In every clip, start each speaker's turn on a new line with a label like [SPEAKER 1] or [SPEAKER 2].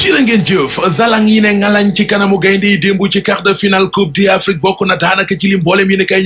[SPEAKER 1] jërë ngeen yi ne ngalañ ci kanamu gaynde yi démb ci quart de finale na daanaka ci li ne kay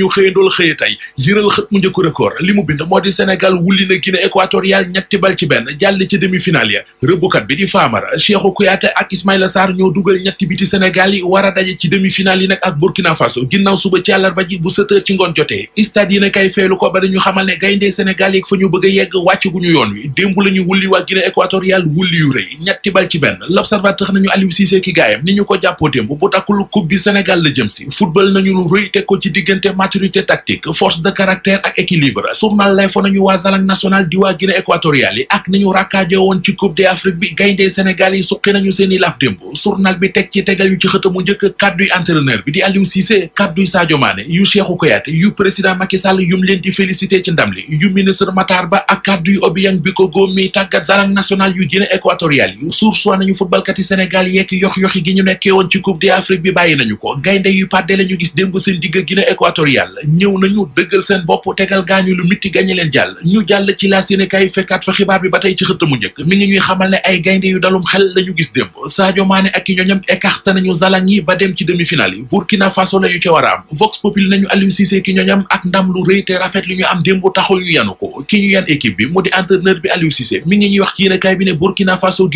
[SPEAKER 1] tey yëral xët li mu bind moo di Sénégal wulli na Guinée équatoriale ñetti bal ci benn jàll ci demi-finale ya rëbbukat bi di Famara Cheikhou Kouyaté ak Ismaïla Sarr ñoo dugal ñetti biti Sénégal yi war a daje ci demi-finale yi nag ak Burkina Faso ginnaaw suba ci àllarba ji bu sept ci ngoon jotee stade yi ne kay feelu ko ba dañu xamal ne gaynde Sénégal yi fa ñu bëgg yegg wàcc guñu yoon wi démb lañu ñu wulli waa Guinée équatoriale wulli yu rëy ñetti bal ci benn l'observateur nañu Aliou Cissé ki gaayam ni ko jàppoo démb bu takkul coupe bi Sénégal la jëm si football nañu rëy teg ko ci diggante maturité tactique force de caractère ak équilibre surnaal lay fa nañu waa Zalang national di waa Guinée équatoriale yi ak nañu rakkaaje woon ci coupe d'Afrique bi gayndee Sénégal yi suqi nañu seen i laaf démb surnaal bi teg ci tegal yu ci xëtamu njëkk kadduy entraîneur bi di Aliou Cissé kadduy Sadio Mané yu Cheikhou Kouyaté yu président Macky Sall yum leen di félicité ci ndam li yu ministre Matar Ba ak kadduy Obiang Bikogo mi tàggat Zalang national yu Guinée équatoriale yi suur nañu footballkat yi Sénégal yeeg yox yoxi gi ñu nekkee woon ci coupe d'Afrique bi bàyyi nañu ko gaynde yu pàdde la ñu gis démb seen digg Guinée équatoriale ñëw nañu dëggal seen bopp tegal gaañu lu mitti gañe leen jàll ñu jàll ci laas yéene kaay fekkaat fa xibaar bi ba tey ci xëtt mu njëkk mi ngi ñuy xamal ne ay gaynde yu dalum xel la gis démb Sadio Mané ak i ñoñam écarté nañu zalang yi ba dem ci demi-finale yi Burkina Faso la ca war a am Vox Populi nañu Aliou Cissé ki ñoñam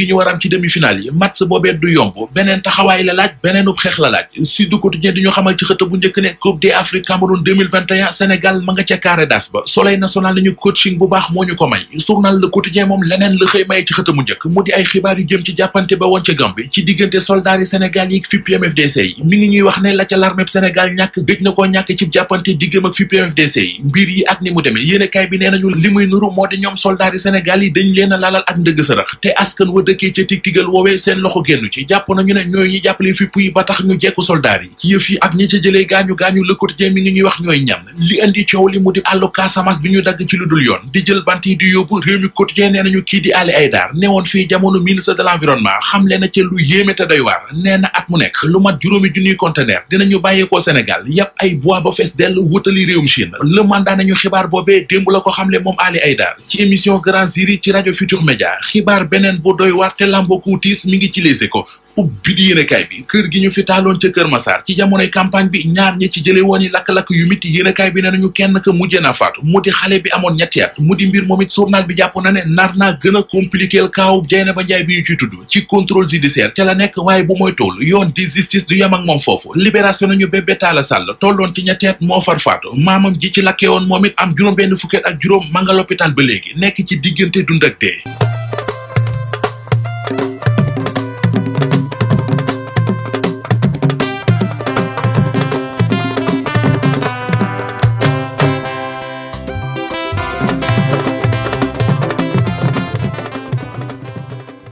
[SPEAKER 1] war a am ci demi-finale match boobee du yomb beneen taxawaay la laaj beneenub xeex la laaj Sud Quotidien di ñu xamal ci xët bu njëkk ne Coupe d'Afrique Cameroun 2021 Sénégal ma nga ca carré d'as ba Soleil national nañu coaching bu baax moo ñu ko may journal Le Quotidien moom leneen la xëy ci xët bu njëkk mu di ay xibaar yu jëm ci jàppante ba woon ca Gambie ci diggante soldats yi Sénégal yi FUPMFDC yi mi ngi ñuy wax ne la ca l'armée Sénégal ñàkk gëj na koo ñàkk ci jàppante a lalal tey seen loxo génn ci jàpp nañu ne ñooy ñi jàppale fipp yi ba tax ñu jekku soldaar yi ci yëf yi ak ñi ca jëlee gaañu gaañu le quotidien mi ngi ñuy wax ñooy ñan li andi coow li mu di àllu Casamance bi ñu dagg ci lu dul yoon di jël bant yi di yóbbu réew mi quotidien nee nañu kii di Ali Haïdar newoon fii jamono ministre de l'environnement xam na ca lu yéeme te doy nee na at mu nekk lu mat juróomi junniy conteneur dinañu bàyyeekoo Sénégal yàpp ay bois ba mi ngi ci les ko ubbi di bi kër gi ñu fi taaloon ca Kër Massar ci jamonoy campagne bi ñaar ñi ci jële woon yi lakk-lakk yu miti yéenekaay bi na ne nañu kenn ka mujjee na faatu mu di xale bi amoon ñetti at mu di mbir moom it journal bi jàpp na ne nar na gën a compliqué le kaaw Dieynaba bi ñu ciy tudd ci contrôle judiciaire ca la nekk waaye bu mooy tool yoon di justice du yem ak moom foofu libération nañu Bébé Talla Sall tolloon ci ñetti at moo far faatu maamam ji ci lakke woon moom it am juróom benn fukki at ak juróom ma ba léegi nekk ci diggante dund ak